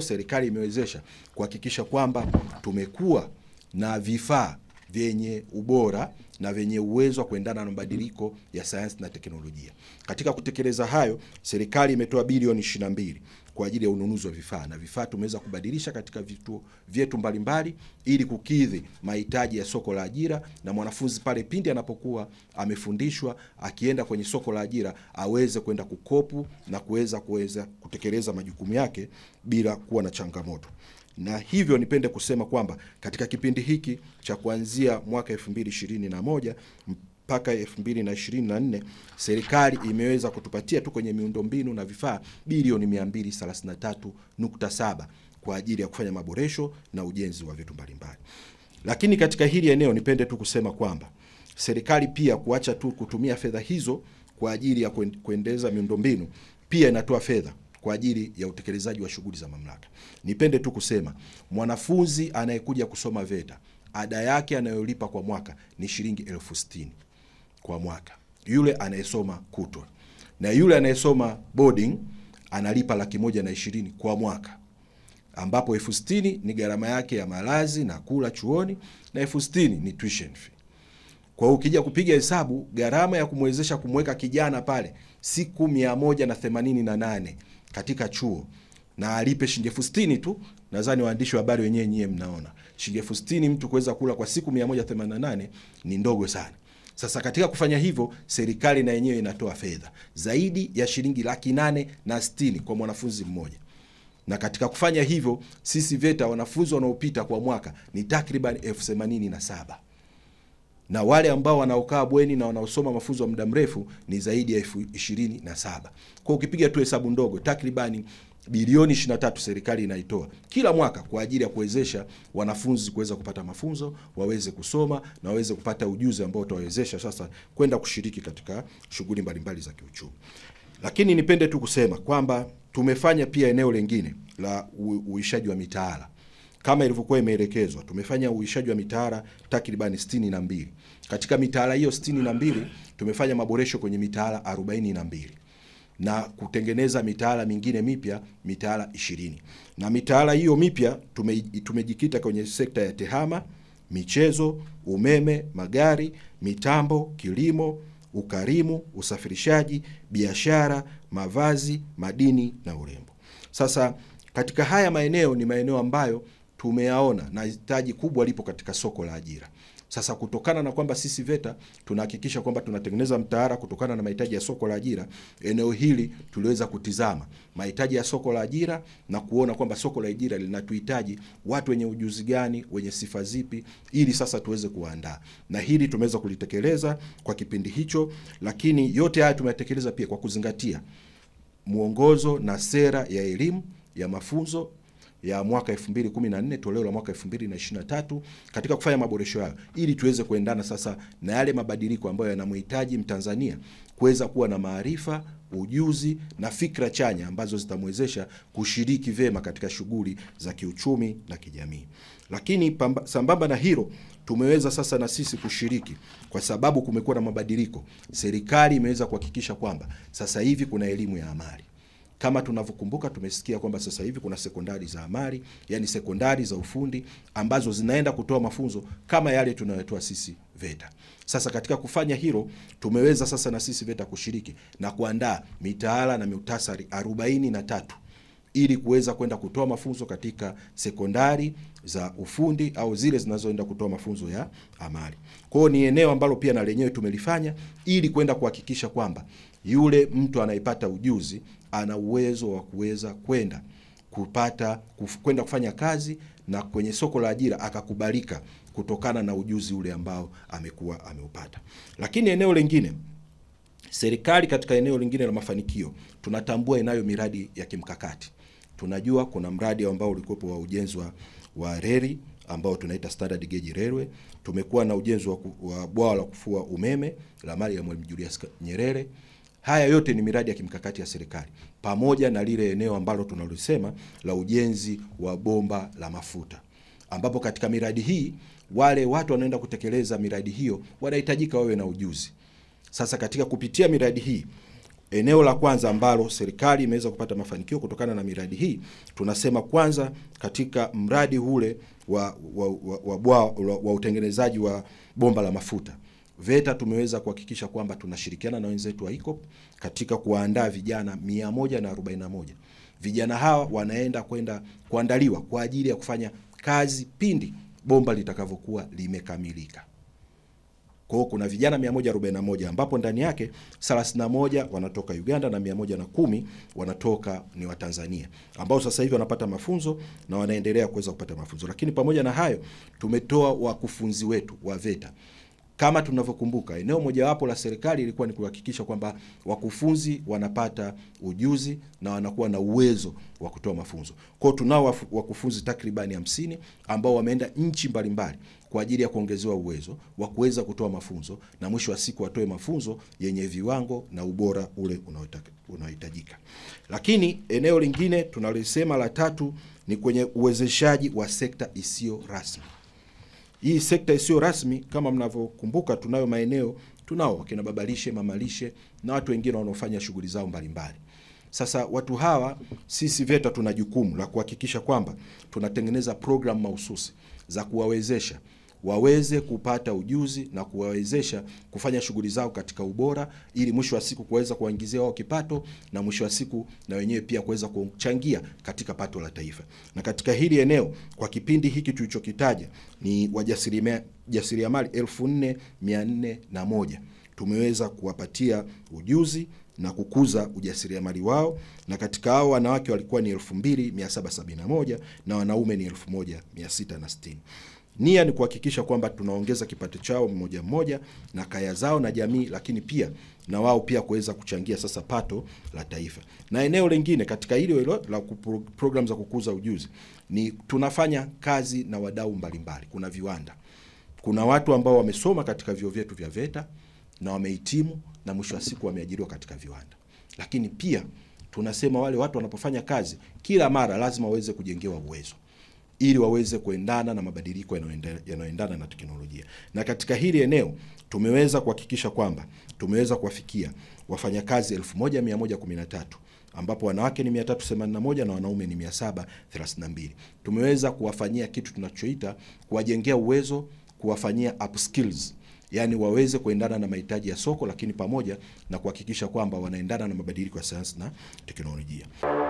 Serikali imewezesha kuhakikisha kwamba tumekuwa na vifaa vyenye ubora na vyenye uwezo wa kuendana na mabadiliko ya sayansi na teknolojia. Katika kutekeleza hayo, serikali imetoa bilioni 22 kwa ajili ya ununuzi wa vifaa, na vifaa tumeweza kubadilisha katika vituo vyetu mbalimbali ili kukidhi mahitaji ya soko la ajira, na mwanafunzi pale pindi anapokuwa amefundishwa akienda kwenye soko la ajira aweze kwenda kukopu na kuweza kuweza kutekeleza majukumu yake bila kuwa na changamoto na hivyo nipende kusema kwamba katika kipindi hiki cha kuanzia mwaka 2021 mpaka 2024 serikali imeweza kutupatia tu kwenye miundombinu na vifaa bilioni 233.7 kwa ajili ya kufanya maboresho na ujenzi wa vitu mbalimbali. Lakini katika hili eneo nipende tu kusema kwamba serikali pia kuacha tu kutumia fedha hizo kwa ajili ya kuendeleza miundombinu, pia inatoa fedha kwa ajili ya utekelezaji wa shughuli za mamlaka. Nipende tu kusema mwanafunzi anayekuja kusoma VETA ada yake anayolipa kwa mwaka ni shilingi elfu sitini kwa mwaka. Yule anayesoma kutwa na yule anayesoma boarding analipa laki moja na ishirini kwa mwaka, ambapo elfu sitini ni gharama yake ya malazi na kula chuoni na elfu sitini ni tuition fee. Kwa hiyo ukija kupiga hesabu, gharama ya kumwezesha kumweka kijana pale siku mia moja na themanini na nane katika chuo na alipe shilingi elfu sitini tu, nadhani waandishi wa habari wenyewe nyie mnaona shilingi elfu sitini mtu kuweza kula kwa siku mia moja nane ni ndogo sana. Sasa katika kufanya hivyo, serikali na yenyewe inatoa fedha zaidi ya shilingi laki nane na sitini kwa mwanafunzi mmoja na katika kufanya hivyo sisi VETA wanafunzi wanaopita kwa mwaka ni takriban elfu themanini na saba na wale ambao wanaokaa bweni na wanaosoma mafunzo ya muda mrefu ni zaidi ya elfu ishirini na saba. Kwa ukipiga tu hesabu ndogo takribani bilioni 23 serikali inaitoa kila mwaka kwa ajili ya kuwezesha wanafunzi kuweza kupata mafunzo, waweze kusoma na waweze kupata ujuzi ambao utawawezesha sasa kwenda kushiriki katika shughuli mbalimbali za kiuchumi. Lakini nipende tu kusema kwamba tumefanya pia eneo lingine la uishaji wa mitaala kama ilivyokuwa imeelekezwa, tumefanya uishaji wa mitaala takribani sitini na mbili. Katika mitaala hiyo sitini na mbili tumefanya maboresho kwenye mitaala arobaini na mbili na kutengeneza mitaala mingine mipya mitaala ishirini na mitaala hiyo mipya tume, tumejikita kwenye sekta ya tehama, michezo, umeme, magari, mitambo, kilimo, ukarimu, usafirishaji, biashara, mavazi, madini na urembo. Sasa katika haya maeneo ni maeneo ambayo tumeyaona na hitaji kubwa lipo katika soko la ajira. Sasa kutokana na kwamba sisi VETA tunahakikisha kwamba tunatengeneza mtaara kutokana na mahitaji ya soko la ajira, eneo hili tuliweza kutizama mahitaji ya soko la ajira na kuona kwamba soko la ajira linatuhitaji watu wenye ujuzi gani, wenye sifa zipi, ili sasa tuweze kuandaa, na hili tumeweza kulitekeleza kwa kipindi hicho, lakini yote haya tumeyatekeleza pia kwa kuzingatia mwongozo na sera ya elimu ya mafunzo ya mwaka 2014 toleo la mwaka 2023 katika kufanya maboresho hayo ili tuweze kuendana sasa na yale mabadiliko ambayo yanamhitaji Mtanzania kuweza kuwa na maarifa, ujuzi na fikra chanya ambazo zitamwezesha kushiriki vema katika shughuli za kiuchumi na kijamii. Lakini pamba, sambamba na hilo tumeweza sasa na sisi kushiriki kwa sababu kumekuwa na mabadiliko. Serikali imeweza kuhakikisha kwamba sasa hivi kuna elimu ya amali. Kama tunavyokumbuka, tumesikia kwamba sasa hivi kuna sekondari za amali, yani sekondari za ufundi ambazo zinaenda kutoa mafunzo kama yale tunayotoa sisi VETA. Sasa katika kufanya hilo, tumeweza sasa na sisi VETA kushiriki na kuandaa mitaala na miutasari arobaini na tatu ili kuweza kwenda kutoa mafunzo katika sekondari za ufundi au zile zinazoenda kutoa mafunzo ya amali. Kwa hiyo ni eneo ambalo pia na lenyewe tumelifanya ili kwenda kuhakikisha kwamba yule mtu anayepata ujuzi ana uwezo wa kuweza kwenda kupata kwenda kufanya kazi na kwenye soko la ajira akakubalika kutokana na ujuzi ule ambao amekuwa ameupata. Lakini eneo lingine, serikali katika eneo lingine la mafanikio, tunatambua inayo miradi ya kimkakati. Tunajua kuna mradi ambao ulikuwepo wa ujenzi wa reli ambao tunaita standard gauge railway. Tumekuwa na ujenzi wa, wa bwawa la kufua umeme la mali ya Mwalimu Julius Nyerere. Haya yote ni miradi ya kimkakati ya serikali, pamoja na lile eneo ambalo tunalosema la ujenzi wa bomba la mafuta, ambapo katika miradi hii wale watu wanaenda kutekeleza miradi hiyo wanahitajika wawe na ujuzi. Sasa katika kupitia miradi hii Eneo la kwanza ambalo serikali imeweza kupata mafanikio kutokana na miradi hii, tunasema kwanza katika mradi ule wa, wa, wa, wa, wa, wa, wa utengenezaji wa bomba la mafuta VETA tumeweza kuhakikisha kwamba tunashirikiana na wenzetu wa ICOP katika kuwaandaa vijana 141. Vijana hawa wanaenda kwenda kuandaliwa kwa ajili ya kufanya kazi pindi bomba litakavyokuwa limekamilika. Kwa hiyo kuna vijana 141 ambapo ndani yake 31 wanatoka Uganda na 110 wanatoka ni Watanzania ambao sasa hivi wanapata mafunzo na wanaendelea kuweza kupata mafunzo. Lakini pamoja na hayo, tumetoa wakufunzi wetu wa VETA kama tunavyokumbuka, eneo mojawapo la serikali ilikuwa ni kuhakikisha kwamba wakufunzi wanapata ujuzi na wanakuwa na uwezo wa kutoa mafunzo. Kwa hiyo tunao wakufunzi takribani 50 ambao wameenda nchi mbalimbali kwa ajili ya kuongezewa uwezo wa kuweza kutoa mafunzo na mwisho wa siku watoe mafunzo yenye viwango na ubora ule unaohitajika. Lakini eneo lingine tunalisema la tatu ni kwenye uwezeshaji wa sekta isiyo rasmi. Hii sekta isiyo rasmi kama mnavyokumbuka, tunayo maeneo, tunao wakina babalishe, mamalishe na watu wengine wanaofanya shughuli zao mbalimbali. Sasa watu hawa sisi VETA tuna jukumu la kuhakikisha kwamba tunatengeneza programu mahususi za kuwawezesha waweze kupata ujuzi na kuwawezesha kufanya shughuli zao katika ubora, ili mwisho wa siku kuweza kuwaingizia wao kipato na mwisho wa siku na wenyewe pia kuweza kuchangia katika pato la taifa. Na katika hili eneo kwa kipindi hiki tulichokitaja ni wajasiriamali elfu nne mia nne na moja tumeweza kuwapatia ujuzi na kukuza ujasiriamali wao, na katika hao wanawake walikuwa ni 2771 na wanaume ni 1660. Nia ni kuhakikisha kwamba tunaongeza kipato chao mmoja mmoja na kaya zao na jamii, lakini pia na wao pia kuweza kuchangia sasa pato la taifa. Na eneo lingine katika hilo hilo la programu za kukuza ujuzi ni tunafanya kazi na wadau mbalimbali. Kuna viwanda, kuna watu ambao wamesoma katika vyuo vyetu vya VETA na wamehitimu na mwisho wa siku wameajiriwa katika viwanda, lakini pia tunasema wale watu wanapofanya kazi kila mara lazima waweze kujengewa uwezo ili waweze kuendana na mabadiliko yanayoendana na teknolojia. Na katika hili eneo tumeweza kuhakikisha kwamba tumeweza kuwafikia wafanyakazi 1113 ambapo wanawake ni 381 na wanaume ni 732. Tumeweza kuwafanyia kitu tunachoita kuwajengea uwezo, kuwafanyia upskills yaani waweze kuendana na mahitaji ya soko, lakini pamoja na kuhakikisha kwamba wanaendana na mabadiliko ya sayansi na teknolojia.